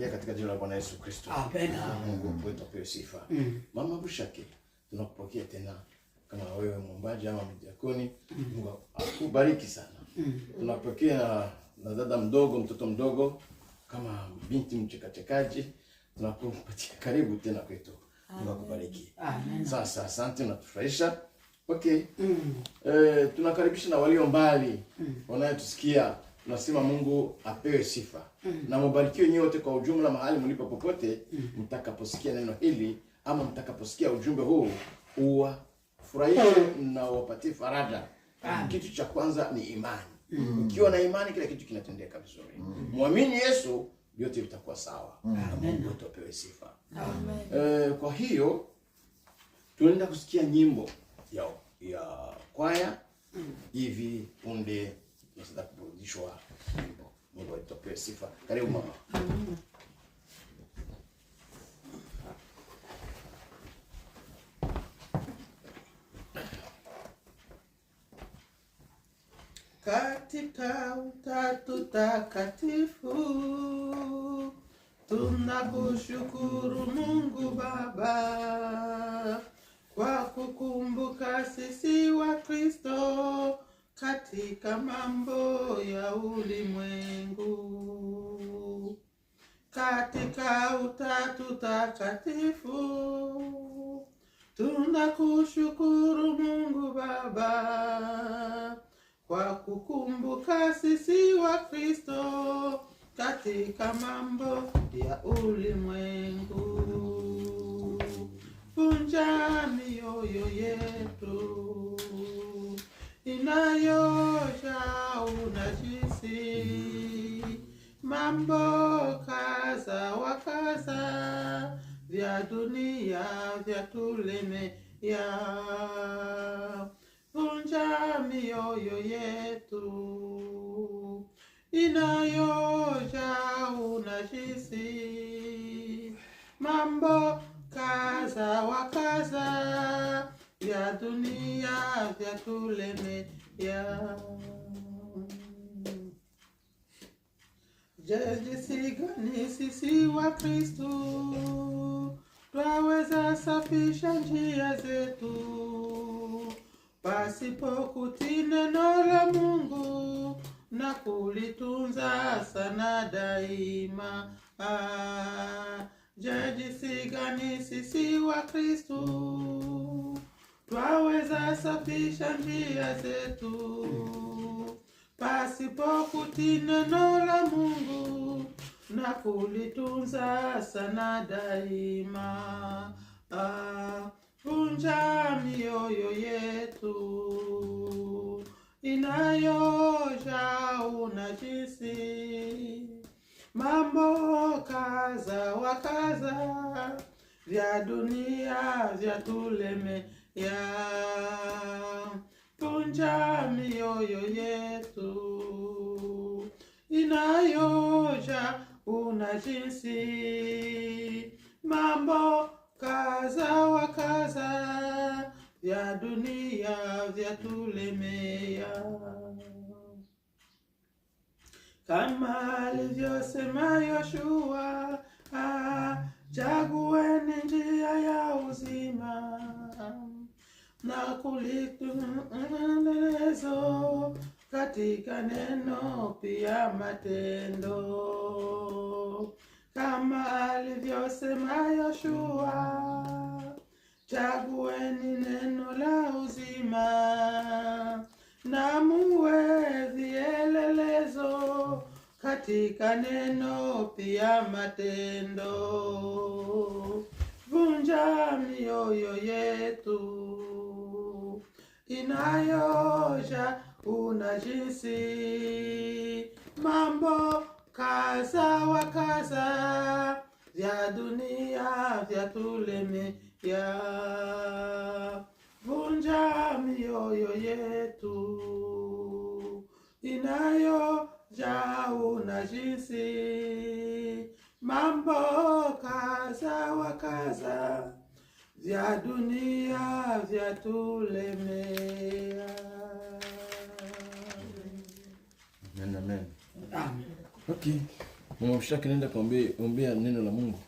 na katika jina la Bwana Yesu Kristo. Amen. Mungu wetu apewe sifa. Mm. Mama Bushake, tunakupokea tena kama wewe mwombaji ama mdiakoni. Mm. Mungu akubariki sana. Mm. Tunapokea na dada mdogo, mtoto mdogo kama binti mchekachekaji, tunakupatia karibu tena kwetu. Mungu akubariki. Amen. Sasa asante, na tufurahisha. Okay. Mm. Eh, tunakaribisha na walio mbali mm, wanayotusikia nasema Mungu apewe sifa mm. -hmm. na mubarikiwe nyote kwa ujumla, mahali mlipo popote mtakaposikia mm. -hmm. neno hili ama mtakaposikia ujumbe huu uwa uwafurahishe mm. na uwapatie faraja. mm -hmm. Kitu cha kwanza ni imani mm. -hmm. ukiwa na imani, kila kitu kinatendeka vizuri. Mm. Mwamini mm. Yesu, vyote vitakuwa sawa mm. na Mungu atapewe sifa Amen. E, kwa hiyo tunaenda kusikia nyimbo ya, ya kwaya mm. hivi punde tunataka kushirikishwa. Mungu atupe sifa. Karibu mama. Katika Utatu Takatifu tunakushukuru Mungu Baba kwa kukumbuka sisi wa Kristo katika mambo ya ulimwengu, katika Utatu Takatifu. Tunakushukuru Mungu Baba kwa kukumbuka sisi wa Kristo katika mambo ya ulimwengu. Vunja mioyo yetu vya dunia ya vunja mioyo yetu inayojaa unajisi, mambo kaza wa kaza vya dunia vyatulemea. ya jinsi sisi wa Kristu twaweza safisha njia zetu, pasipo kutii neno la Mungu na kulitunza sana daima. Ah, je, jinsi gani sisi wa Kristu twaweza safisha njia zetu pasipo kutii neno la Mungu na kulitunza sana daima. Ah, vunja mioyo yetu inayojaa unajisi, mambo kaza wa kaza vya dunia vya ya Vunja mioyo yetu inayo unajisi mambo kaza wa kaza vya dunia vyatulemea, kama alivyosema Yoshua, ah, chagueni njia ya uzima na kulitunelezo katika neno pia matendo, kama alivyosema Yoshua, chagueni neno la uzima na muwe vielelezo katika neno pia matendo. Vunja mioyo yetu inayoosha unajisi, mambo kaza wa kaza vya dunia vya tulemea, vunja mioyo yetu inayoja unajisi, mambo kaza wa kaza vya dunia vyatulemea. Amen, amen. Amen. Okay. Mama Mshaki, nenda kaombea neno la Mungu.